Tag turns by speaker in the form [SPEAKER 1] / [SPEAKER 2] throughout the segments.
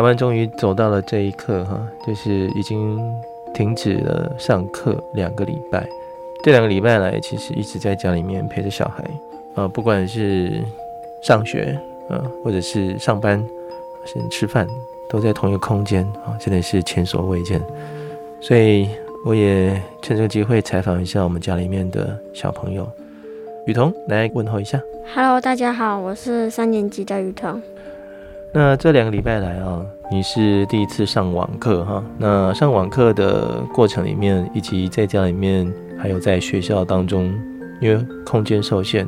[SPEAKER 1] 台灣終於走到了這一刻哈，就是已經停止了上課兩個禮拜。這兩個禮拜來，其實一直在家裡面陪着小孩啊，不管是上學啊，或者是上班，或者是吃飯，都在同一個空間啊，真的是前所未見。所以我也趁這個機會採訪一下我們家裡面的小朋友雨桐，來問候一下。
[SPEAKER 2] Hello，大家好，我是三年級的雨桐。
[SPEAKER 1] 那這兩個禮拜來啊，你是第一次上網課哈、啊。那上網課的過程裡面，以及在家裡面，還有在學校當中，因為空間受限，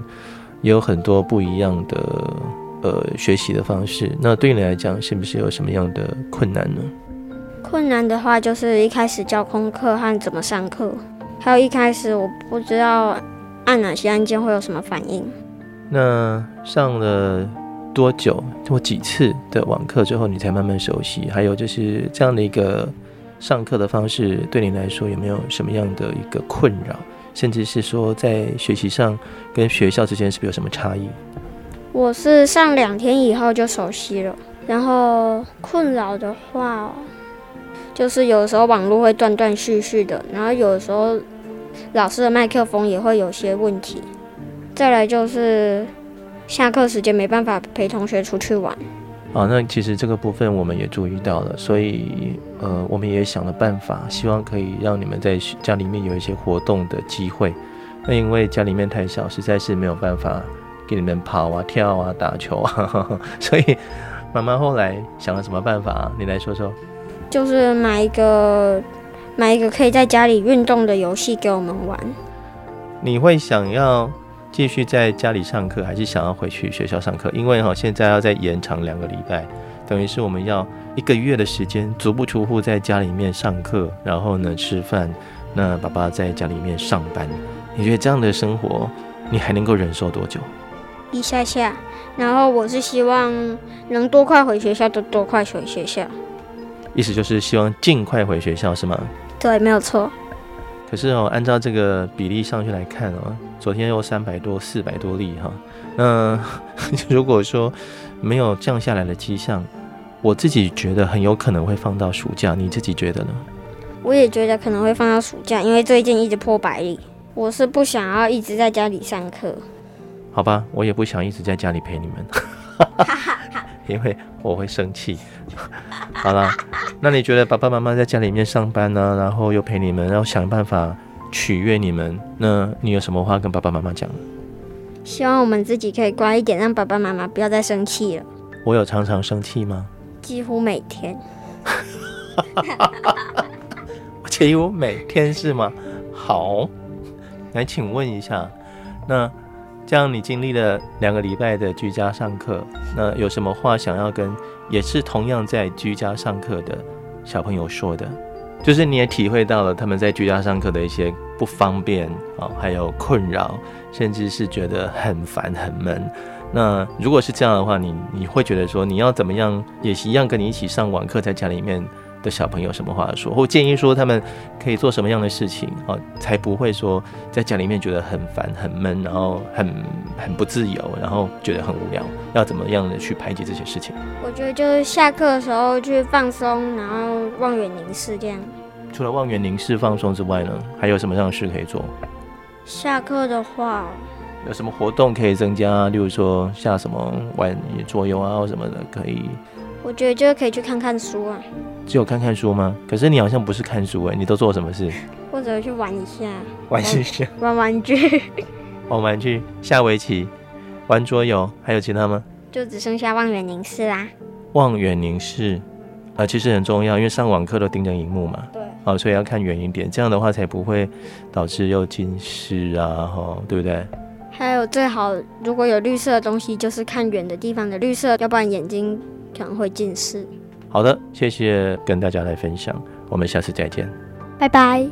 [SPEAKER 1] 也有很多不一樣的呃學習的方式。那對你來講，是不是有什麼樣的困難呢？
[SPEAKER 2] 困難的話，就是一開始教空課和怎麼上課，還有一開始我不知道按哪些按鍵會有什麼反應。
[SPEAKER 1] 那上了。多久或幾次的網課之後，你才慢慢熟悉？還有就是這樣的一個上課的方式，對你來說有沒有什麼樣的一個困擾？甚至是說在學習上跟學校之間是不
[SPEAKER 2] 是有什麼差異？我是上兩天以後就熟悉了。然後困擾的話，就是有時候網絡會斷斷續續的，然後有時候老師的麥克風也會有些問題。再來就是。下課時間沒辦法陪同學出去玩，
[SPEAKER 1] 啊、哦，那其實這個部分我們也注意到了，所以呃，我們也想了辦法，希望可以讓你們在家裡面有一些活動的機會。那因為家裡面太小，實在是沒有辦法給你們跑啊、跳啊、打球啊，呵呵。所以媽媽後來想了什麼辦法啊？你來說說。
[SPEAKER 2] 就是買一個買一個可以在家裡運動的遊戲給我們玩。
[SPEAKER 1] 你會想要？繼續在家裡上課，還是想要回去學校上課？因為哈，現在要再延長兩個禮拜，等於是我們要一個月的時間足不出戶，在家裡面上課，然後呢，吃飯。那爸爸在家裡面上班，你覺得這樣的生活你還能夠忍受多久？
[SPEAKER 2] 一下下，然後我是希望能多快回學校就多快回學校。
[SPEAKER 1] 意思就是希望盡快回學校是嗎？
[SPEAKER 2] 對，沒有錯。
[SPEAKER 1] 可是哦，按照這個比例上去來看哦，昨天又三百多、四百多例哈。那如果說沒有降下來的跡象，我自己覺得很有可能會放到暑假。你自己覺得呢？
[SPEAKER 2] 我也覺得可能會放到暑假，因為最近一直破百例，我是不想要一直在家裡上課。
[SPEAKER 1] 好吧，我也不想一直在家裡陪你們， 因為我會生氣。 好了。那你覺得爸爸媽媽在家裡面上班呢、啊，然後又陪你們，然後想辦法取悅你們。那你有什麼話跟爸爸媽媽講？
[SPEAKER 2] 希望我們自己可以乖一點，讓爸爸媽媽不要再生氣了。
[SPEAKER 1] 我有常常生氣嗎？
[SPEAKER 2] 幾乎每天。
[SPEAKER 1] 哈哈，幾乎每天是嗎？好，來請問一下，那這樣你經歷了兩個禮拜的居家上課，那有什麼話想要跟？也是同樣在居家上課的小朋友說的，就是你也體會到了他們在居家上課的一些不方便啊、哦，還有困擾，甚至是覺得很煩很悶。那如果是這樣的話，你你會覺得說你要怎麼樣，也是一樣跟你一起上網課，在家裡面。的小朋友什麼話說，或我建議說他們可以做什麼樣的事情啊、哦，才不會說在家裡面覺得很煩、很悶，然後很很不自由，然後覺得很無聊，要怎麼樣的去排解這些事情？
[SPEAKER 2] 我覺得就是下課的時候去放鬆，然後望遠凝視這樣。
[SPEAKER 1] 除了望遠凝視放鬆之外呢，還有什麼樣的事可以做？
[SPEAKER 2] 下課的話，
[SPEAKER 1] 有什麼活動可以增加？例如說下什麼玩桌遊啊，或什麼的可以。
[SPEAKER 2] 我覺得就是可以去看看書啊。
[SPEAKER 1] 只有看看書嗎？可是你好像不是看書哎，你都做了什麼事？
[SPEAKER 2] 或者去玩一下，玩一下，玩玩具，
[SPEAKER 1] 玩玩具，下圍棋，玩桌遊，還有其他嗎？
[SPEAKER 2] 就只剩下望遠凝視啦。
[SPEAKER 1] 望遠凝視，啊、呃，其實很重要，因為上網課都盯着熒幕嘛。對。啊、哦，所以要看遠一點，這樣的話才不會導致又近視啊，吼，對不對？
[SPEAKER 2] 還有最好如果有綠色的東西，就是看遠的地方的綠色，要不然眼睛，可能會近視。
[SPEAKER 1] 好的，謝謝跟大家來分享，我們下次再見，
[SPEAKER 2] 拜拜。